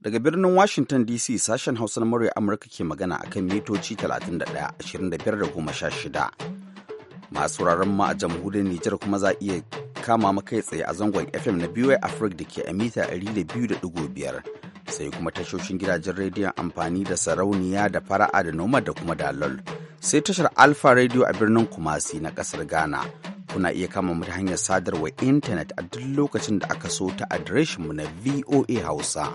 Daga birnin Washington DC sashen Hausa na murya Amurka ke magana a kan mitoci 31, 25 shida Masu wuraren ma a jamhuriyar Nijar kuma za iya kama makai tsaye a zangon FM na BY Africa da ke a mita 200.5 sai kuma tashoshin gidajen rediyon amfani da sarauniya da fara'a da noma da kuma dalol. Sai tashar Alpha Radio a birnin Kumasi na kasar Ghana. Kuna iya kama mu hanyar sadarwa intanet a duk lokacin da aka so ta adireshinmu na voa hausa.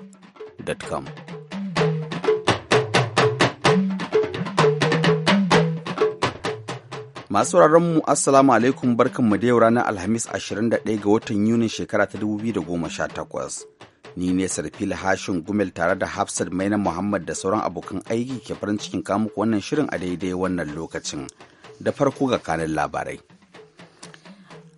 hausa.com. Masu mu Assalamu alaikum barkanmu da yau ranar Alhamis 21 ga watan Yunin shekara ta 2018. Ni ne Sarfil Hashin Gumel tare da Hafsat Maina Muhammad da sauran abokan aiki ke farin cikin kamuku wannan shirin a daidai wannan lokacin. Da farko ga kanin labarai.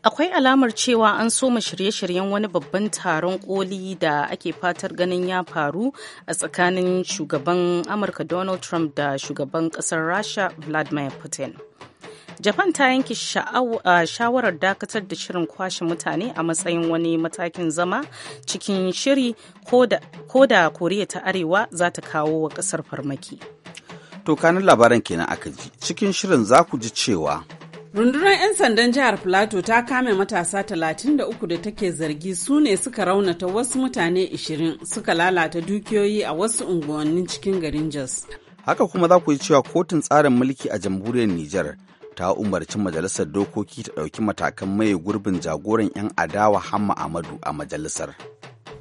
akwai alamar cewa an soma shirye-shiryen wani babban taron koli da ake fatar ganin ya faru a tsakanin shugaban amurka donald trump da shugaban kasar rasha vladimir putin japan ta yanke shawarar dakatar da shirin kwashe mutane a matsayin wani matakin zama cikin shiri ko da koriya ta arewa za ta kawo wa kasar farmaki to kanin labaran kenan aka ji cikin shirin za ku ji cewa Rundunar 'yan sandan jihar Filato ta kame matasa 33 da take zargi su ne suka raunata wasu mutane 20 suka lalata dukiyoyi a wasu unguwannin cikin garin Jos. Haka kuma za ku yi cewa kotun tsarin mulki a jamhuriyar Nijar ta umarci majalisar dokoki ta ɗauki matakan maye gurbin jagoran 'yan adawa Hamma Amadu a majalisar.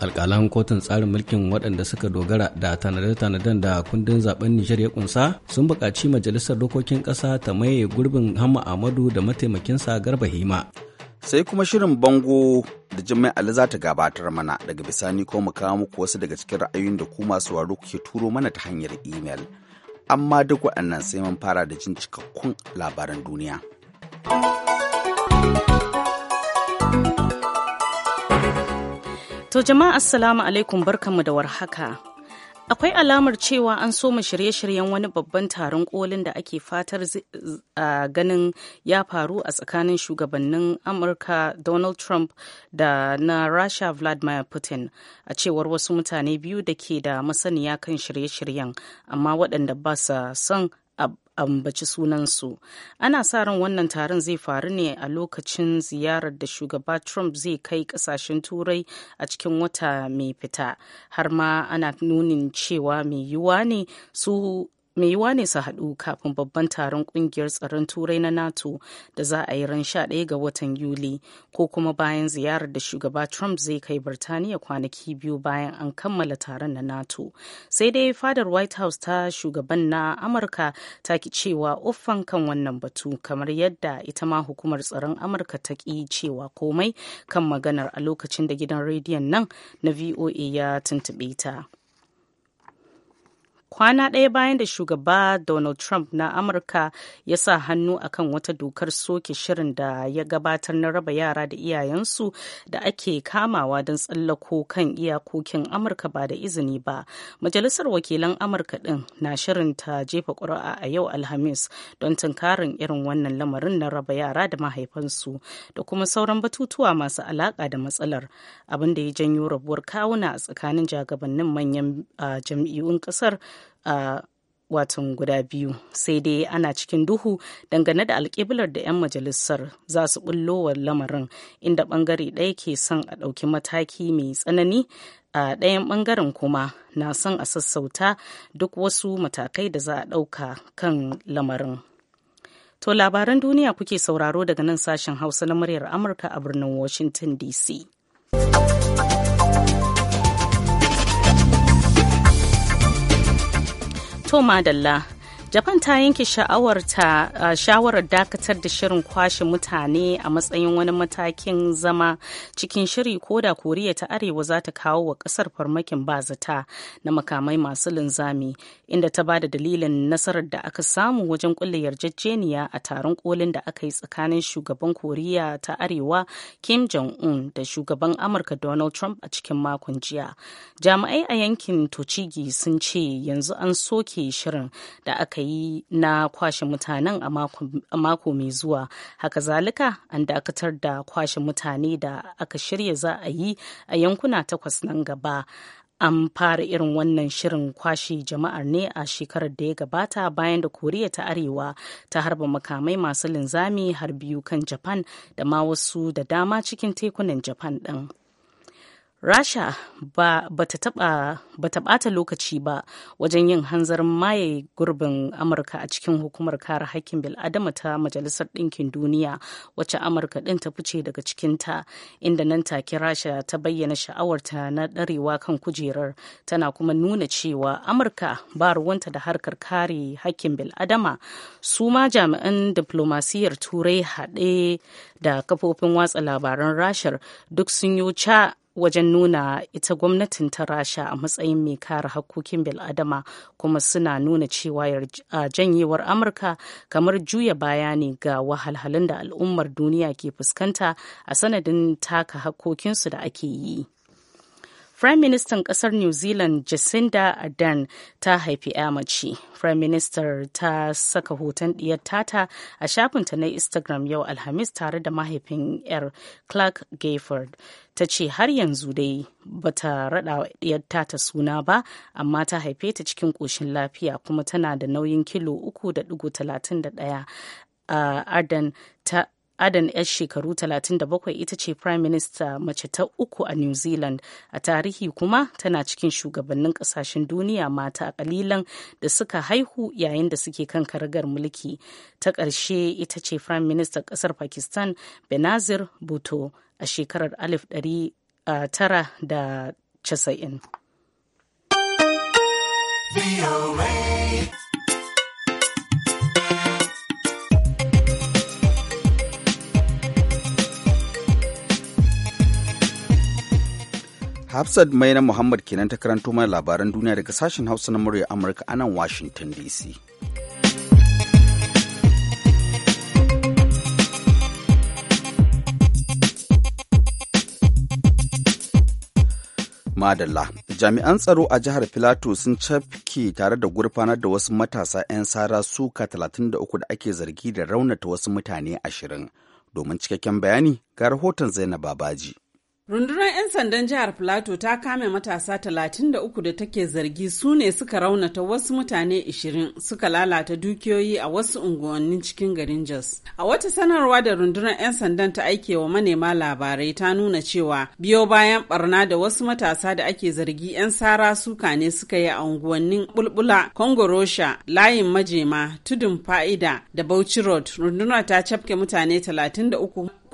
alkalan kotun tsarin mulkin waɗanda suka dogara da tanade-tanaden da kundin zaben nijar ya kunsa sun buƙaci majalisar dokokin ƙasa ta maye gurbin hama amadu da mataimakinsa garba hima sai kuma shirin bango da jimai ali za ta gabatar mana daga bisani ko mu kawo muku wasu daga cikin ra'ayoyin da ku masu waro kuke turo mana ta hanyar imel amma duk waɗannan sai mun fara da jin cikakkun labaran duniya. To jama'a assalamu alaikum barkanmu da warhaka. Akwai alamar cewa an soma shirye-shiryen wani babban taron kolin da ake fatar ganin ya faru a tsakanin shugabannin Amurka Donald Trump da na Rasha Vladimir Putin a cewar wasu mutane biyu da ke da masaniya kan shirye-shiryen amma waɗanda ba sa son ambaci sunansu ana sa ran wannan taron zai faru ne a lokacin ziyarar da shugaba trump zai kai kasashen turai a cikin wata mai fita har ma ana nunin cewa mai yiwuwa ne su mai yiwa ne su haɗu kafin babban taron ƙungiyar tsaron turai na nato da za a yi ran sha ɗaya ga watan yuli ko kuma bayan ziyarar da shugaba trump zai kai birtaniya kwanaki biyu bayan an kammala taron na nato sai dai fadar white house ta shugaban na amurka ta ki cewa uffan kan wannan batu kamar yadda ita ma hukumar tsaron amurka ta ki cewa komai kan maganar a lokacin da gidan rediyon nan na voa ya tuntuɓe ta. kwana ɗaya bayan da shugaba donald trump na amurka ya sa hannu akan wata dokar soke shirin da ya gabatar na raba yara da iyayensu da ake kamawa don tsallako kan iyakokin amurka ba da izini ba majalisar wakilan amurka ɗin na shirin ta jefa ƙuri'a a yau alhamis don tunkarin irin wannan lamarin na raba yara da mahaifansu da kuma sauran batutuwa masu alaƙa da matsalar abin da ya janyo rabuwar kawuna a tsakanin jagabannin manyan jam'iyyun ƙasar a watan guda biyu sai dai ana cikin duhu dangane da alkiblar da 'yan majalisar za su bullo wa lamarin inda bangare ɗaya ke son a ɗauki mataki mai tsanani a ɗayan bangaren kuma na son a sassauta duk wasu matakai da za a ɗauka kan lamarin to labaran duniya kuke sauraro daga nan sashen hausa na muryar amurka a birnin washington dc To dalla japan ta yanke shawarar dakatar da shirin kwashe mutane a matsayin wani matakin zama cikin shiri ko da koriya ta arewa za ta kawo wa kasar farmakin bazata na makamai masu linzami inda ta ba da dalilin nasarar da aka samu wajen kulle yarjejeniya a taron kolin da aka yi tsakanin shugaban koriya ta arewa kim jong-un da shugaban amurka donald trump a cikin makon jiya jami'ai a yankin tochigi sun ce yanzu an soke shirin da aka yi na kwashe mutanen a mako mai zuwa haka zalika an dakatar da kwashe mutane da aka shirya za a yi a yankuna takwas nan gaba an fara irin wannan shirin kwashe jama'ar ne a shekarar da ya gabata bayan da koriya ta arewa ta harba makamai masu linzami har biyu kan japan da ma wasu da dama cikin tekunan japan ɗin. rasha ba ta bata lokaci ba wajen yin hanzar maye gurbin amurka a cikin hukumar kare haƙƙin bil'adama ta majalisar ɗinkin duniya wacce amurka ɗin ta fice daga cikinta inda nan take rasha ta bayyana sha'awarta na ɗarewa kan kujerar tana kuma nuna cewa amurka ba ruwanta da harkar kare haƙƙin bil'adama su ma jami'an diflomasiyyar turai haɗe da kafofin watsa labaran rashar duk sun yi ca wajen nuna ita gwamnatin ta rasha a matsayin mai kare hakkokin bil'adama kuma suna nuna cewa janyewar amurka kamar juya baya ne ga wahalhalun da al'ummar duniya ke fuskanta a sanadin taka hakkokinsu da ake yi Prime Minister kasar New Zealand Jacinda Ardern ta haifi 'ya mace. Prime Minister ta saka hoton diyar tata a shafinta na Instagram yau Alhamis tare da mahaifin 'yar Clark Gayford. Ta ce har yanzu dai ba ta raɗa ɗiyar tata suna ba, amma ta haife ta cikin koshin lafiya kuma tana da nauyin kilo 3.31 a uh, Arden ta Adan 'yar shekaru 37 ita ce Prime Minister mace ta uku a New Zealand a tarihi kuma tana cikin shugabannin kasashen duniya mata a kalilan da suka haihu yayin da suke kan karagar mulki. Ta ƙarshe ita ce Prime Minister ƙasar Pakistan Benazir Bhutto a shekarar 1990. Hafsat na Muhammad kenan ta karanto mana labaran duniya daga sashen Hausa na murya Amurka a nan Washington DC. Madalla. Jami'an tsaro a jihar Filato sun cafke tare da gurfanar da wasu matasa 'yan sara suka 33 da ake zargi da raunata wasu mutane 20, Domin cikakken bayani ga rahoton Zainab Babaji. Rundunar 'yan sandan jihar Filato ta kame matasa 33 da take zargi su ne suka raunata wasu mutane 20 suka lalata dukiyoyi a wasu unguwannin cikin garin Jos. A wata sanarwa da rundunar 'yan sandan ta aike wa manema labarai ta nuna cewa biyo bayan barna da wasu matasa da ake zargi 'yan sara suka ne suka yi a unguwannin Bulbula, Kongorosha, Layin Majema, Tudun Fa'ida da Bauchi Road. Rundunar ta cafke mutane 33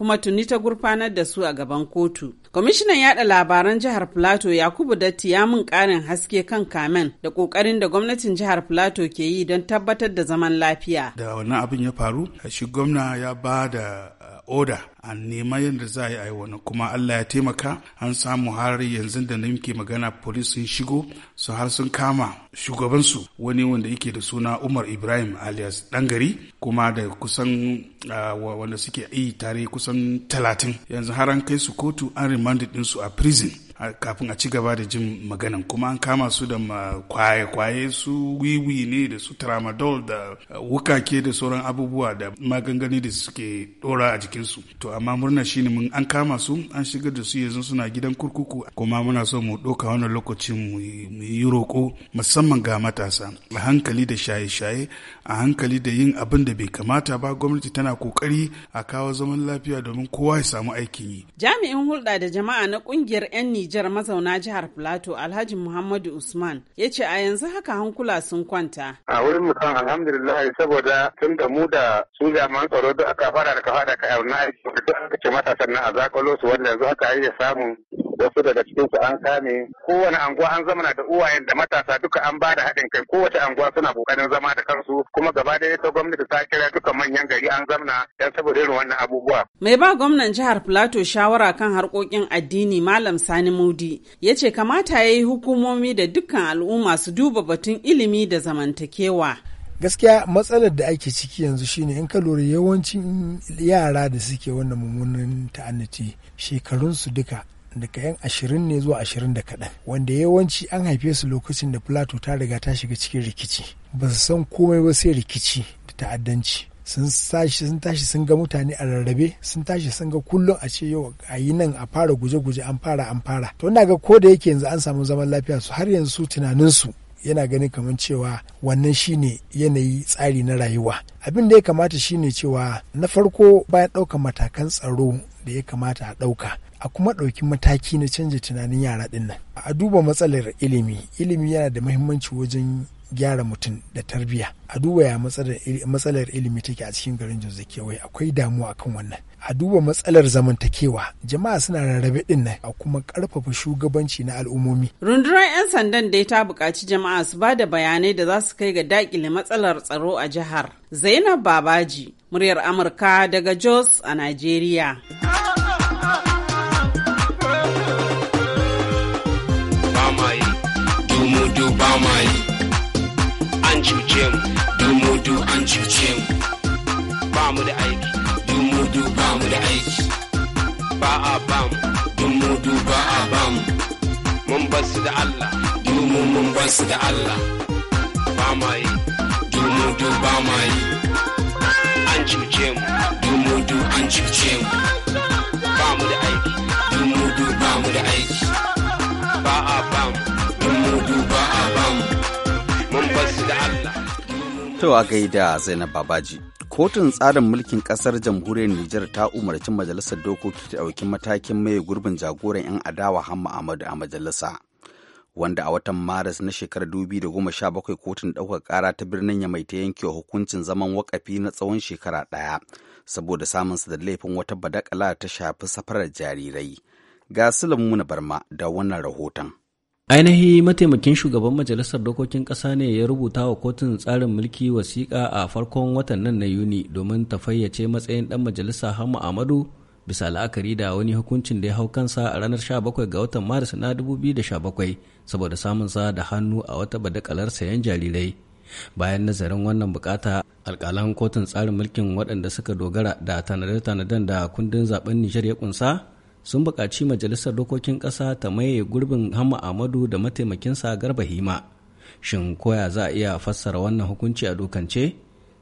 kuma tuni ta gurfanar da su a gaban kotu Kwamishinan yada labaran jihar Plateau Yakubu Datti ya mun karin haske kan kamen da kokarin da gwamnatin jihar Plateau ke yi don tabbatar da zaman lafiya. Da wannan abin ya faru, shi gwamna ya ba da uh, oda a nema yadda za a yi wani kuma Allah ya taimaka an samu har yanzu da nake magana polis sun shigo su har sun kama shugabansu wani wanda yake da suna Umar Ibrahim alias Dangari kuma da kusan uh, wanda suke yi tare kusan talatin yanzu har an kai su kotu an remanded ɗinsu a prison kafin a ci gaba da jin magana kuma an kama su da kwaye-kwaye su wiwi ne da su tramadol da eh, wukake da sauran abubuwa da magangani da suke dora a jikinsu to amma murna shi ne an kama su an shigar da su yanzu suna gidan kurkuku kuma muna so mu ɗauka wannan lokacin mu yi roƙo musamman ga matasa a hankali da shaye-shaye a hankali da yin abin da bai kamata ba gwamnati tana kokari a kawo zaman lafiya domin kowa ya samu aikin yi jami'in hulɗa da jama'a na ƙungiyar 'yan Nijar mazauna jihar Plateau Alhaji Muhammadu Usman ya ce a yanzu haka hankula sun kwanta. A wurin mu alhamdulillah saboda tun da mu da su jami'an tsaro da aka fara da kafa da ka yau na aiki da aka ce matasan na a zakalo su wanda yanzu haka da samun wasu daga cikin su an kame kowane anguwa an zamana da uwayen da matasa duka an bada haɗin kai kowace anguwa suna kokarin zama da kansu kuma gaba da ta gwamnati ta kira duka manyan gari an zamna dan saboda irin wannan abubuwa. Mai ba gwamnan jihar Plateau shawara kan harkokin addini Malam Sani Mudi ya ce kamata ya yi hukumomi da dukkan al'umma su duba batun ilimi da zamantakewa. gaskiya matsalar da ake ciki yanzu shine in ka lura yawancin yara da suke wannan mummunan ta'annaci shekarunsu duka daga yan ashirin ne zuwa ashirin da kaɗan wanda yawanci an haife su lokacin da plato ta riga ta shiga cikin rikici ba su san komai ba sai rikici da ta'addanci sun tashi sun tashi sun ga mutane a rarrabe sun tashi sun ga kullum a ce yau a yi nan a fara guje-guje an fara an fara to ina ga ko da yake yanzu an samu zaman lafiya su har yanzu tunanin su yana ganin kamar cewa wannan shine yanayi tsari na rayuwa abin da ya kamata shine cewa na farko bayan ɗaukan matakan tsaro da ya kamata a ɗauka a kuma ɗauki mataki na canja tunanin yara ɗin nan a duba matsalar ilimi ilimi yana da mahimmanci wajen gyara mutum da tarbiyya a duba ya matsalar ilimi take a cikin garin jos kewaye akwai damuwa akan wannan a duba matsalar zamantakewa jama'a suna rarrabe ɗinnan. nan a kuma ƙarfafa shugabanci na al'ummomi rundunar 'yan sandan dai ta buƙaci jama'a su ba da bayanai da za su kai ga dakile matsalar tsaro a jihar zainab babaji muryar amurka daga jos a najeriya an cuce mu ba mu da aiki dun mudu ba mu da aiki ba a ba mu dun mudu ba a ba mu mun bar su da Allah dun mu mun bar su da Allah ba ma yi dun mudu ba ma yi an cuce mu dun mudu an cuce mu ba mu da aiki dun mudu ba mu da aiki ba a ba mu dun mudu ba a ba mu mun bar su da Allah To a gaida Zainab Babaji. Kotun tsarin mulkin kasar jamhuriyar Nijar ta umarci majalisar dokoki ta ɗauki matakin mai gurbin jagoran 'yan adawa Hamma Ahmadu a majalisa. Wanda a watan Maris na shekarar 2017 kotun ɗaukar ƙara ta birnin ya mai ta yanke hukuncin zaman wakafi na tsawon shekara ɗaya saboda samunsa da laifin wata badakala ta shafi safarar jarirai. Ga Sulaimu Barma da wannan rahoton. ainihi mataimakin shugaban majalisar dokokin ƙasa ne ya rubuta wa kotun tsarin mulki wasiƙa a farkon watan nan na yuni domin ta fayyace matsayin ɗan majalisa hamma amadu bisa la'akari da wani hukuncin da ya hau kansa a ranar 17 ga watan maris na 2017 saboda samun sa da hannu a wata badakalar sayan jarirai bayan nazarin wannan bukata alkalan kotun tsarin mulkin waɗanda suka dogara da tanade-tanaden da kundin zaben nijar ya kunsa sun buƙaci majalisar dokokin ƙasa ta maye gurbin hamma amadu da mataimakinsa garba hima shin koya za a iya fassara wannan hukunci a dokance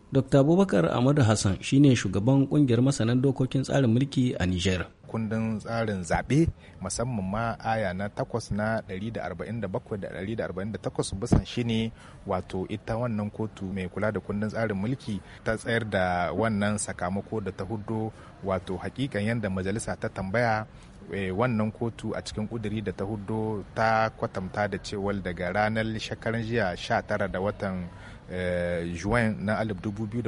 Dr. Abubakar Ahmadu Hassan shine shugaban kungiyar masanan dokokin tsarin mulki a Nijar. Kundin tsarin zaɓe musamman ma aya na takwas na 147 da 148 bisan shine wato ita wannan kotu mai kula da kundin tsarin mulki ta tsayar da wannan sakamako da ta hudu wato hakikan yadda majalisa ta tambaya eh, wannan kotu a cikin kuduri da ta hudu ta kwatanta da cewar daga ranar shekaran jiya 19 da watan Eh, juan na 2018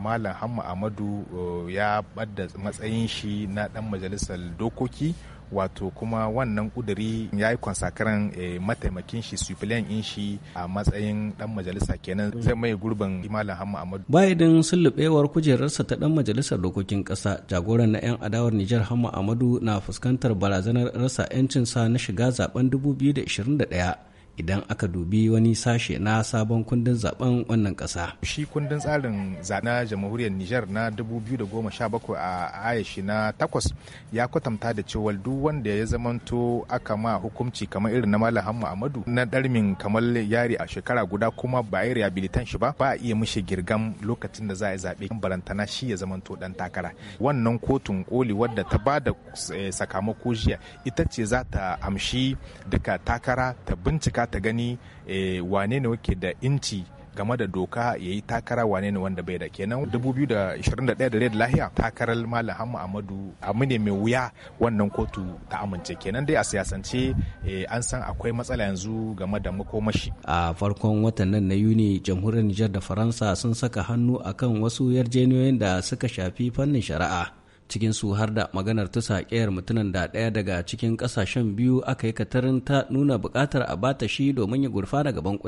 malam hamma amadu eh, ya bada matsayin shi na dan majalisar dokoki wato kuma wannan kuduri ya yi kwansakaran eh, mataimakin shi sufilen in shi a matsayin dan majalisa kenan zai mai gurbin malam hamma amadu bayan sulubewar kujerarsa ta dan majalisar dokokin kasa jagoran na yan adawar nijar hamma amadu na fuskantar barazanar rasa yancinsa na shiga zaben 2021 idan aka dubi wani sashe na sabon kundin zaben wannan kasa. Shi kundin tsarin na jamhuriyar Nijar na 2017 a ayashi na takwas ya kwatanta da cewa duk wanda ya zamanto aka ma hukunci kamar irin na Malam muhammadu. na darmin kamar yari a shekara guda kuma ba a yi rehabilitan shi ba ba a iya mishi girgam lokacin da za a yi zaɓe barantana shi ya zamanto dan takara. Wannan kotun koli wadda ta ba da eh, sakamako jiya ita ce za ta amshi duka takara ta bincika ta gani eh, wane ne wake da inci game da doka ya yi takara wane ne wanda bai da kenan 2021 da red lahiya takarar malam hamma amadu abu ne mai wuya wannan kotu ta amince kenan dai a siyasance eh, an san akwai matsala yanzu game da makomashi a farkon watan na yuni jamhuriyar nijar da faransa sun saka hannu akan wasu yarjejeniyoyin da suka shafi fannin shari'a cikin su har da maganar ta saƙiyar mutunan da ɗaya daga cikin ƙasashen biyu aka yi katarin ta nuna buƙatar a bata shi domin ya gurfa daga gaban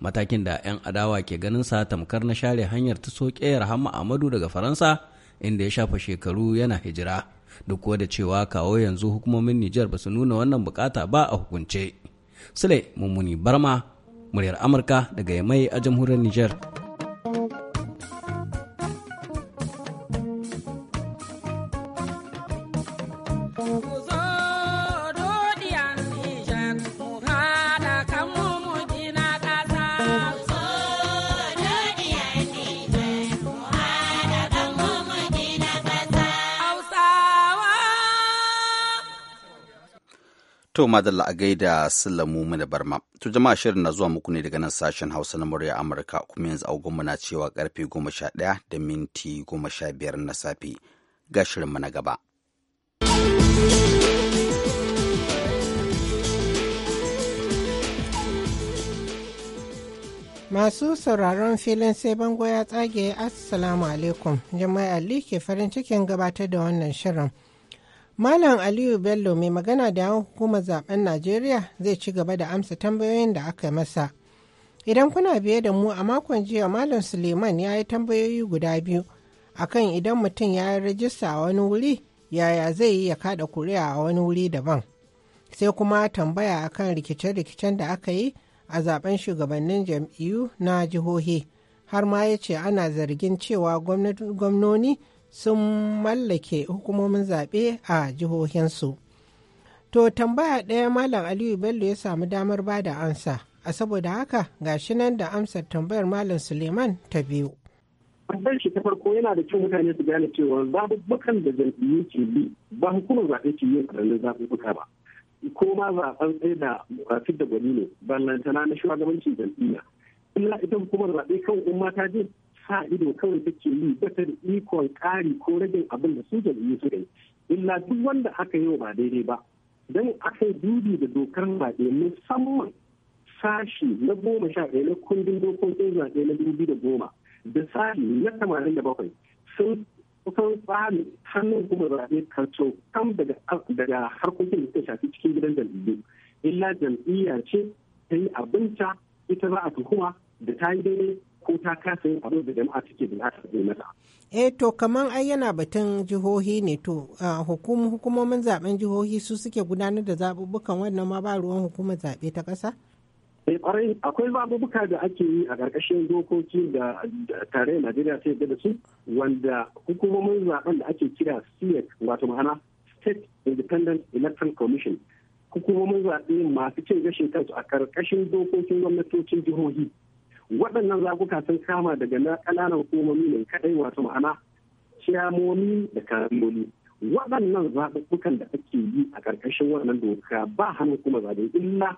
matakin da 'yan adawa ke ganin sa tamkar na share hanyar ta soƙiyar hamma amadu daga faransa inda ya shafa shekaru yana hijira duk kuwa da cewa kawo yanzu hukumomin nijar ba su nuna wannan bukata ba a hukunce sule mummuni barma muryar amurka daga yamai a jamhuriyar nijar To madalla a gaida Sulamu mu da Barma. To jama'a shirin na zuwa muku ne daga nan sashen Hausa na murya Amurka kuma yanzu agogon na cewa karfe daya da minti goma sha biyar na safe. Ga shirinmu na gaba. Masu sauraron filin sai bango ya tsage Assalamu alaikum. Jama'a Ali ke farin cikin gabatar da wannan shirin. Malam Aliyu Bello mai magana da yawon hukumar zaben Najeriya zai ci gaba da amsa tambayoyin da aka masa. Idan kuna biye da mu a makon jiya Malam Suleiman ya yi tambayoyi guda biyu akan idan mutum ya yi rajista a wani wuri yaya zai yi ya kada kuri'a a wani wuri daban. Sai kuma tambaya akan rikice-rikicen da aka yi a zaben shugabannin jam'iyyu na jihohi har ma ya ce ana zargin cewa gwamnoni sun mallake hukumomin zaɓe a jihohinsu. To tambaya ɗaya Malam Aliyu Bello ya samu damar ba da ansa, a saboda haka ga shi nan da amsar tambayar Malam Suleiman ta biyu. Tambayar shi ta farko yana da kyau mutane su gane cewa zaɓuɓɓukan da jam'iyyu ke bi ba hukumar zaɓe ke yin ƙaramin zaɓuɓɓuka ba. Ko ma zaɓen tsaye da fit da gwani ne, ballantana na shugabancin jam'iyya. Illa ita hukumar zaɓe kan umma ta je sa ido kawai take yi ta da ikon ƙari ko rajin abin da su jam'iyyu su yi illa duk wanda aka yi ba daidai ba don aka yi dubi da dokar zaɓe musamman sashi na goma sha ɗaya na kundin dokokin zaɓe na dubi da goma da sashi na tamanin da bakwai sun kusan tsari hannun kuma zaɓe kanto kam daga harkokin da ta shafi cikin gidan jam'iyyu illa jam'iyya ce ta yi abinta ita za a tuhuma da ta yi daidai ko ta kasa yin abin da jama'a da buƙatar zai mata. Eh to kaman ai yana batun jihohi ne to hukumomin zaben jihohi su suke gudanar da zabubukan wannan ma ba ruwan hukumar zaɓe ta kasa Eh kwarai akwai zabubuka da ake yi a ƙarƙashin dokoki da tare Najeriya ta yadda da su wanda hukumomin zaben da ake kira SIEC wato ma'ana State Independent Electoral Commission hukumomin zaɓe masu cin gashin kansu a ƙarƙashin dokokin gwamnatocin jihohi waɗannan zaɓuka sun kama daga na ƙananan hukumomi ne kaɗai wato ma'ana ciyamomi da kansiloli waɗannan zaɓuɓɓukan da ake yi a ƙarƙashin wannan doka ba hannun kuma zaɓe illa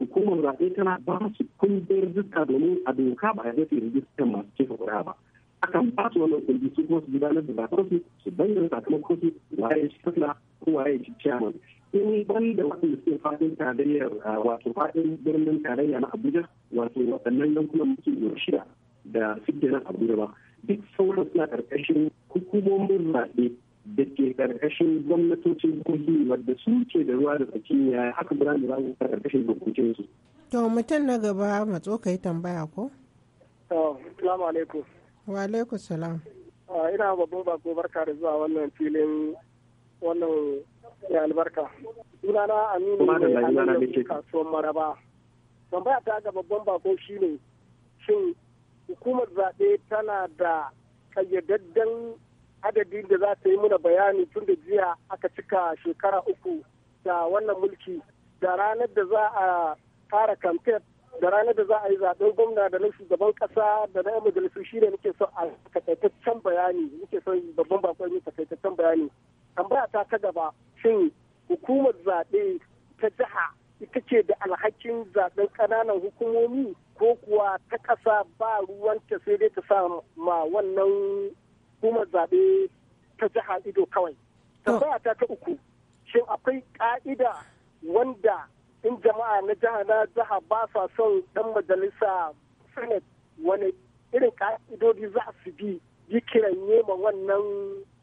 hukumar zaɓe tana ba su kundin rijista domin a doka ba a zafi rijistar masu cefa ƙura ba akan ba su wannan kundi su kuma su gudanar da zaɓe su su bayyana sakamakon su waye shi kasla ko waye shi ciyaman in ban da waɗanda suke fadin tarayyar wato fadin birnin tarayya na abuja wato waɗannan yankunan muke shida da fidda na abuja ba duk sauran suna ƙarƙashin hukumomin zaɓe da ke ƙarƙashin gwamnatocin kogi wadda su ke da ruwa da tsaki ya haka da za su ƙarƙashin dokokin su. to mutum na gaba matso ka yi tambaya ko. to salamu alaikum. wa alaikum salam. ina babban bako barka da zuwa wannan filin wannan ya albarka sunana aminu ne aminu kasuwan maraba tambaya ta ga babban bako shine shin hukumar zaɓe tana da kayyadaddan adadi da za ta yi muna bayani tun da jiya aka cika shekara uku da wannan mulki da ranar da za a fara kamfet. da ranar da za a yi zaɓen gwamna da na shugaban kasa da na 'yan majalisu shi ne nake son a takaitaccen bayani nake son babban bakon yi takaitaccen bayani tambaya ta ta gaba shin hukumar zaɓe ta jiha ita ce da alhakin zaɓen ƙananan hukumomi ko kuwa ta ƙasa ba ruwanta sai dai ta sa ma wannan hukumar zaɓe ta jiha ido kawai tambaya ta ta uku shin akwai ƙa'ida wanda in jama'a na jiha na jiha ba sa son dan majalisa senate wani irin ka'idodi za su bi yi kiran ma wannan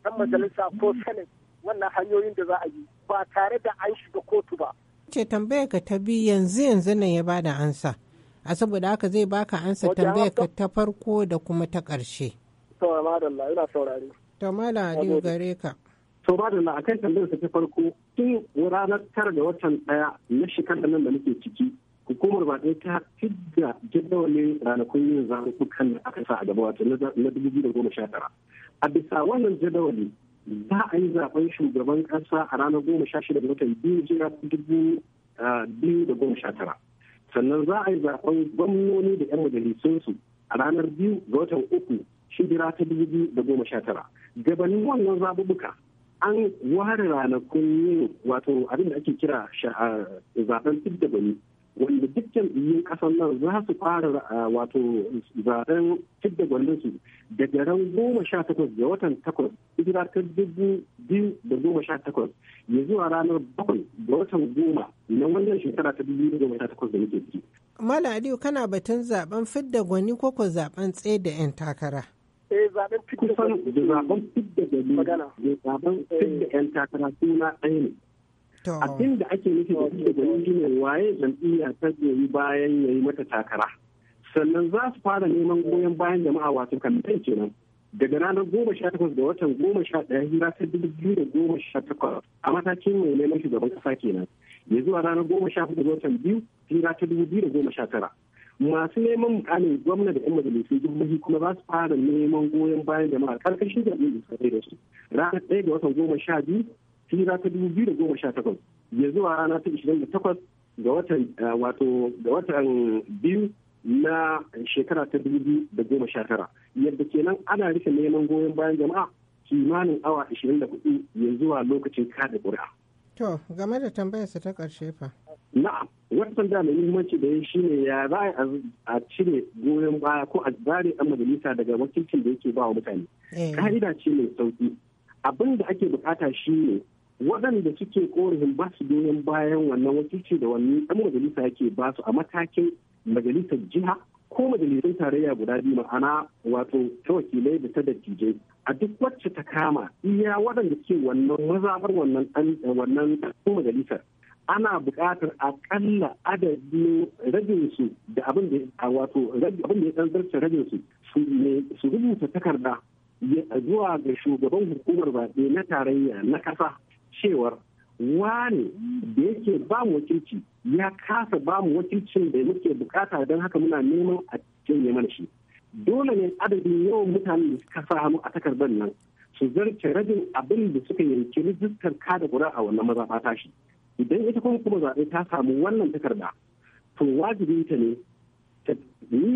dan majalisa ko mm. senate wannan hanyoyin da za a yi ba tare da an shiga kotu ba. ce tambaya ka ta bi yanzu yanzu nan ya bada ansa a saboda haka zai baka ansa tambaya ka ta farko da kuma ta ƙarshe. to da aliyu gare ka. sau ba da na akan tambayar ta farko tun ranar tara da watan daya na shekarar nan da muke ciki hukumar ba ta fidda jadawalin ranakun yin zaɓuɓɓukan da aka sa a gaba wato na dubu biyu da goma sha tara a bisa wannan jadawali za a yi zaɓen shugaban ƙasa a ranar goma sha shida da watan biyu jira dubu biyu da goma sha tara sannan za a yi zaɓen gwamnoni da 'yan majalisunsu a ranar biyu ga watan uku jira ta dubu biyu da goma sha tara gabanin wannan zaɓuɓɓuka an ware ranakun yin wato abin da ake kira zaben duk da bani wanda duk jam'iyyun kasan nan za su fara wato zaben duk da gwanin su daga ran goma sha takwas ga watan takwas hijira ta dubu biyu da goma sha takwas ya zuwa ranar bakwai ga watan goma na wannan shekara ta dubu biyu da goma sha takwas da muke ciki. Mala Aliyu kana batun zaben fidda gwani ko ko zaben tsaye da 'yan takara. eh zaben fitar da zaben fitar da magana zaben eh. fitar da yan takara suna ɗaya ne abin da ake nufi da fitar da shi ne waye jam'iyya ta goyi bayan yayi mata takara sannan za su fara neman goyon bayan jama'a wato kamfen kenan daga ranar goma sha takwas da watan goma sha ɗaya hira ta dubu biyu da goma sha takwas a matakin mai neman shugaban ƙasa kenan ya zuwa ranar goma sha hudu da watan biyu hira ta dubu biyu da goma sha tara masu neman mukamin gwamna da yan majalisun jihohi kuma za su fara neman goyon bayan jama'a karkashin jam'iyyar da suka da su ranar ɗaya ga watan goma sha biyu hijira ta dubu biyu da goma sha takwas ya zuwa rana ta ishirin da takwas ga watan eh, wato ga watan biyu na shekara ta dubu biyu da goma sha tara yadda kenan ana rike neman goyon bayan jama'a kimanin awa ashirin da hudu ya zuwa lokacin kada ƙuri'a. to game da tambayarsa ta ƙarshe fa. Na'am, wata da mai muhimmanci da ya shi ne ya za a cire goyon baya ko a zare ɗan majalisa daga wakilcin da yake ba wa mutane. Eh. Ka'ida ce mai sauki. Abin da ake bukata shi ne waɗanda suke korafin ba su goyon bayan wannan wakilci da wani ɗan majalisa yake ba su a matakin majalisar jiha ko majalisar tarayya guda biyu ma'ana wato ta wakilai da ta dattijai a duk wacce ta kama iya waɗanda ke wannan mazabar wannan wannan majalisar ana buƙatar akalla adadin rajin su da abin da wato abin da ya tsantsarce rajin su su rubuta takarda zuwa ga shugaban hukumar baɗe na tarayya na ƙasa cewar wani da yake ba mu wakilci ya kasa ba mu wakilcin da muke bukata don haka muna neman a cikin mana shi dole ne adadin yawan mutanen da suka samu a takardar nan su zarce rajin abin da suka yanki rijistar kada gura a wannan maza tashi. shi idan ita kuma kuma zaɓe ta samu wannan takarda to wajibin ta ne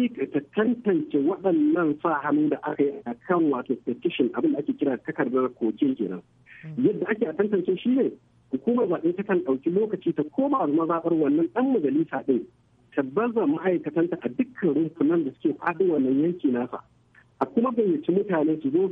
ta tantance waɗannan sa hannu da aka yi a kan wato petition abin da ake kira takardar kogin kenan hmm. yadda ake a tantance shi ne hukumar zaɓe ta kan ɗauki lokaci ta koma mazaɓar wannan ɗan majalisa ɗin ta baza ma'aikatanta a dukkan rumfunan da suke faɗi wannan yanki nasa a kuma gayyaci mutane su zo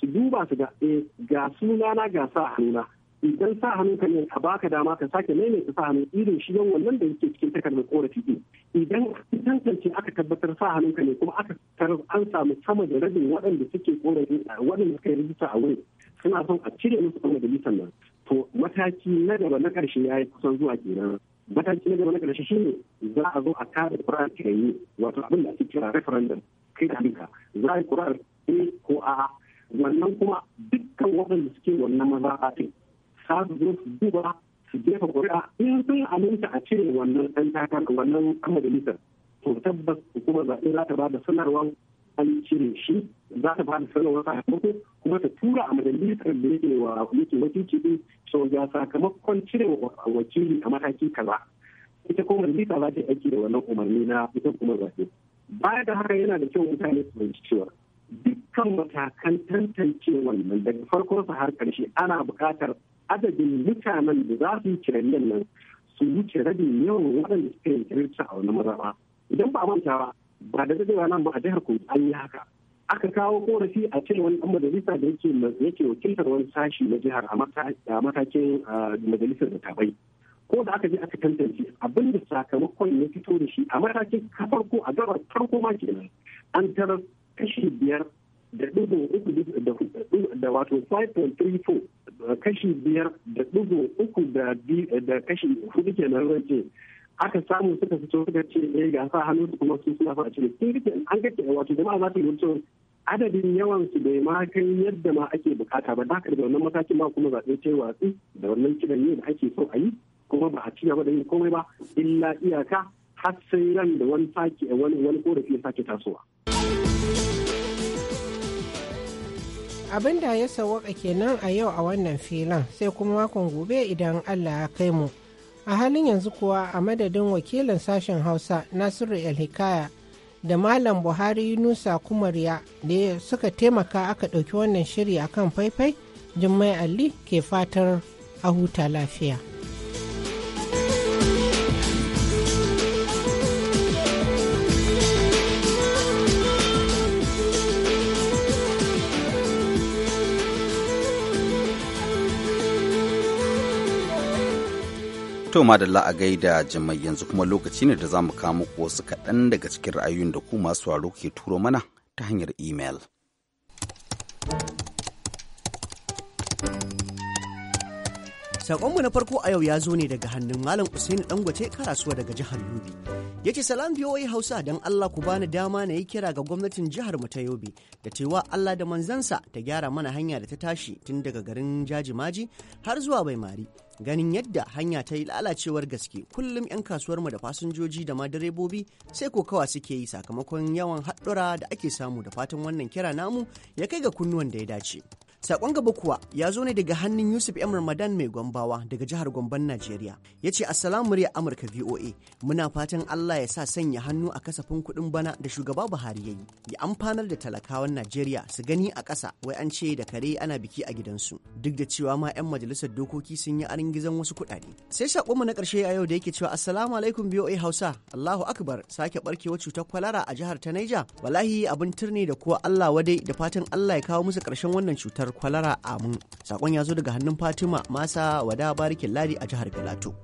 su duba su ga eh, ga sunana ga sa hannuna idan sa hannun ka ne a baka dama ka sake maimaita sa hannun irin shi yan wannan da yake cikin takardar korafi ne idan tantance aka tabbatar sa hannun ka ne kuma aka tarar an samu sama da rabin waɗanda suke korafi waɗanda suka yi rijista a wurin suna son a cire musu ɗan na nan to mataki na gaba na ƙarshe ya yi kusan zuwa kenan mataki na gaba na ƙarshe shine za a zo a kada ƙuri'ar kirayi wato abin da ake kira referendum kai da hannunka za a yi ƙuri'ar a ko a wannan kuma dukkan waɗanda suke wannan mazaɓa ɗin saka zo su duba su jefa ƙuri'a in sun aminta a cire wannan ɗan takar wannan majalisar to tabbas hukumar zaɓe za ta ba da sanarwar an cire shi za ta ba da sanarwar sakamako kuma ta tura a majalisar da yake wa yake wakilci din soja sakamakon cire wakili a mataki kaza ita ko majalisa za ta yi aiki da wannan umarni na ita kuma zaɓe baya da haka yana da kyau mutane su fahimci cewa dukkan matakan tantance wannan daga farkon sa har karshe ana buƙatar adadin mutanen da za su yi kirallin nan su wuce rabin yawan waɗanda suka yi kirista a wani mazaba idan ba manta ba ba da dadewa nan ba a jihar kogi an yi haka aka kawo korafi a ce wani ɗan majalisa da yake yake wakiltar wani sashi na jihar a matakin majalisar da tabai ko da aka je aka tantance abin da sakamakon ya fito da shi a matakin farko a gabar farko ma kenan an tarar kashi biyar da ɗigo uku da wato 5.34 kashi biyar da ɗigo uku da kashi hudu nan rance aka samu suka fito suka ce ne eh, ga sa hannun su kuma su suna fara cire cikin sun rike an ga wato jama'a za ta yi wancan adadin yawan su bai ma kai yadda ma ake bukata ba da da wannan matakin ba kuma zaɓe ce watsi da wannan kiran ne da ake so a yi kuma ba a ci gaba da yin komai ba illa iyaka har sai ran da wani sake wani wani korafi ya sake tasowa abin da ya sawaka kenan a yau a wannan filin sai kuma makon gobe idan allah ya kai mu a halin yanzu kuwa a madadin wakilin sashen hausa nasiru el-hikaya da malam buhari yunusa kumariya da suka taimaka aka ɗauki wannan shiri akan faifai jummai ali ke fatar a huta lafiya. To madalla a gaida jimai yanzu kuma lokaci ne da za mu kawo muku wasu kaɗan daga cikin ra'ayoyin da ku masu waro ke turo mana ta hanyar imel. Sakonmu na farko a yau ya zo ne daga hannun Malam Usain Dangote karasuwa daga jihar Yobe. Ya ce salam VOA Hausa don Allah ku bani dama na yi kira ga gwamnatin jihar mu ta Yobe da cewa Allah da manzansa ta gyara mana hanya da ta tashi tun daga garin Jajimaji har zuwa Baimari. Ganin yadda hanya ta yi lalacewar gaske kullum 'yan kasuwar mu da fasinjoji da ma direbobi sai kokawa suke yi sakamakon yawan haɗura da ake samu da fatan wannan kira namu ya kai ga kunnuwan da ya dace. Sakon gaba kuwa ya zo ne daga hannun Yusuf M. Ramadan mai gwambawa daga jihar Gomban Najeriya. Ya ce Assalamu murya Amurka VOA muna fatan Allah ya sa sanya hannu a kasafin kuɗin bana da shugaba Buhari ya yi. Ya amfanar da talakawan Najeriya su gani a kasa wai an ce da kare ana biki a gidansu. Duk da cewa ma 'yan majalisar dokoki sun yi arin gizon wasu kuɗaɗe. Sai sakonmu na ƙarshe a yau da yake cewa Assalamu alaikum VOA Hausa. Allahu Akbar sake barkewar cutar kwalara a jihar ta Naija. Wallahi abin turne da kuwa Allah wadai da fatan Allah ya kawo musu ƙarshen wannan cutar kwalara a mun sakon ya zo daga hannun fatima masa wada barikin ladi a jihar filato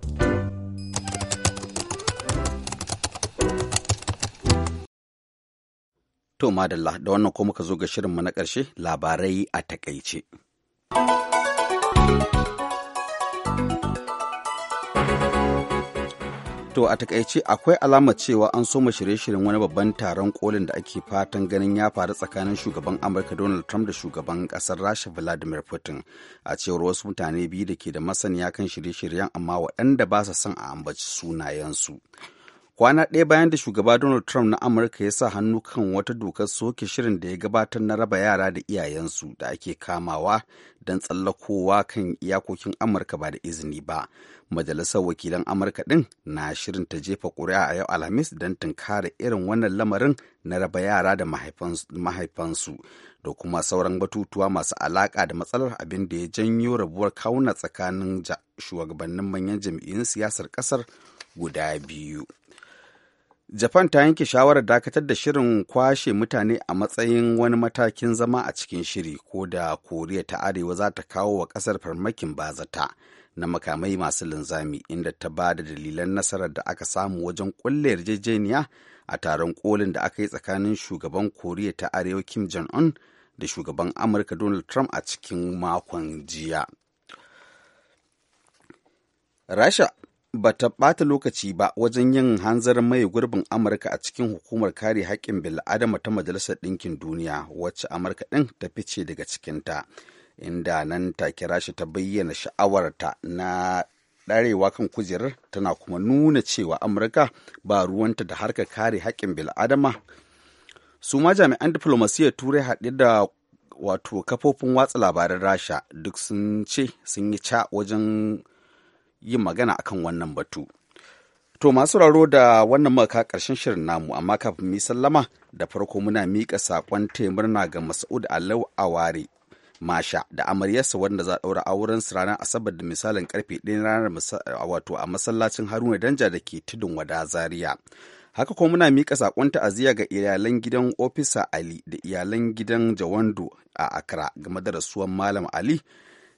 to madalla da wannan ko muka zo ga shirin mu na ƙarshe labarai a takaice To a takaice akwai alamar cewa an soma shirye-shiryen wani babban taron kolin da ake fatan ganin ya faru tsakanin shugaban Amurka Donald Trump da shugaban kasar Rasha Vladimir Putin. A cewar wasu mutane biyu da ke da masaniya kan shirye-shiryen amma waɗanda ba sa son a ambaci sunayensu. Kwana ɗaya bayan da shugaba Donald Trump na Amurka ya sa hannu kan wata dokar soke shirin da ya gabatar na raba yara da iyayensu da ake kamawa don tsallakowa kan iyakokin amurka ba da izini ba majalisar wakilan amurka ɗin na shirin ta jefa ƙuri'a a yau alhamis don tunkara irin wannan lamarin na raba yara da mahaifansu da kuma sauran batutuwa masu alaƙa da matsalar abin da ya janyo rabuwar kawuna tsakanin shugabannin manyan jam'iyyun siyasar ƙasar guda biyu. Japan ta yanke shawarar dakatar da shirin kwashe mutane a matsayin wani matakin zama a cikin shiri ko da Koriya ta Arewa za ta kawo wa ƙasar farmakin bazata na makamai masu linzami inda ta ba da dalilan nasarar da aka samu wajen ƙulle yarjejeniya a taron kolin da aka yi tsakanin shugaban Koriya ta Arewa Kim Jong-un da shugaban Amurka Donald Trump a cikin makon jiya. Rasha ba ta ɓata lokaci ba wajen yin hanzarin mai gurbin amurka a cikin hukumar kare haƙƙin bil'adama ta majalisar ɗinkin duniya wacce amurka ɗin ta fice daga cikinta inda nan ta kira shi ta bayyana sha'awarta na ɗarewa kan kujerar tana kuma nuna cewa amurka ba ruwanta da harkar kare haƙƙin bil'adama su ma jami'an diflomasiyyar turai haɗe da wato kafofin watsa labaran rasha duk sun ce sun yi ca wajen yin magana akan wannan batu. To masu raro da wannan maka ƙarshen shirin namu amma kafin mu sallama da farko muna miƙa saƙon taimurna ga Mas'ud Alau Aware Masha da amaryarsa wanda za a ɗaura auren su ranar Asabar da misalin karfe ɗaya ranar wato a masallacin Haruna Danja da ke tudun wada Zaria. Haka kuma muna miƙa saƙon ta'aziyya ga iyalan gidan Ofisa Ali da iyalan gidan Jawando a Accra game da rasuwar Malam Ali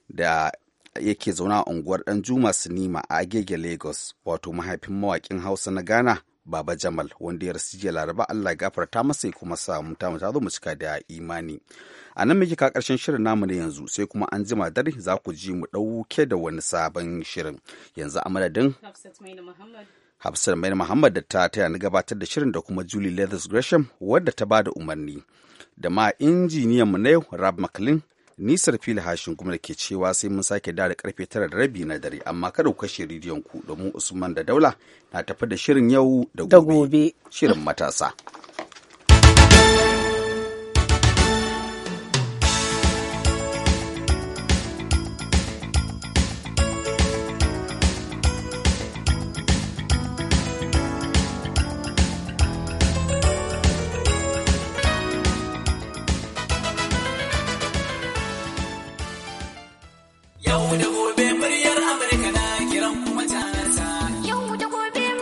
da yake zauna a unguwar dan juma sinima a agege lagos wato mahaifin mawakin hausa na ghana baba jamal wanda ya rasu jiya laraba allah gafarta masa ya kuma sa mu ta zo mu cika da imani a nan muke ka karshen shirin namu na yanzu sai kuma an jima dare za ku ji mu ɗauke da wani sabon shirin yanzu a madadin hafsat mai muhammad da ta taya ni gabatar da shirin da kuma julie leathers gresham wadda ta ba da umarni da ma injiniyan mu na yau rab mclean nisar fili hashin kuma da ke cewa sai mun sake da karfe tara da rabi na dare amma kada ku kashe rediyon ku domin usman da daula na tafi da shirin yau da gobe shirin matasa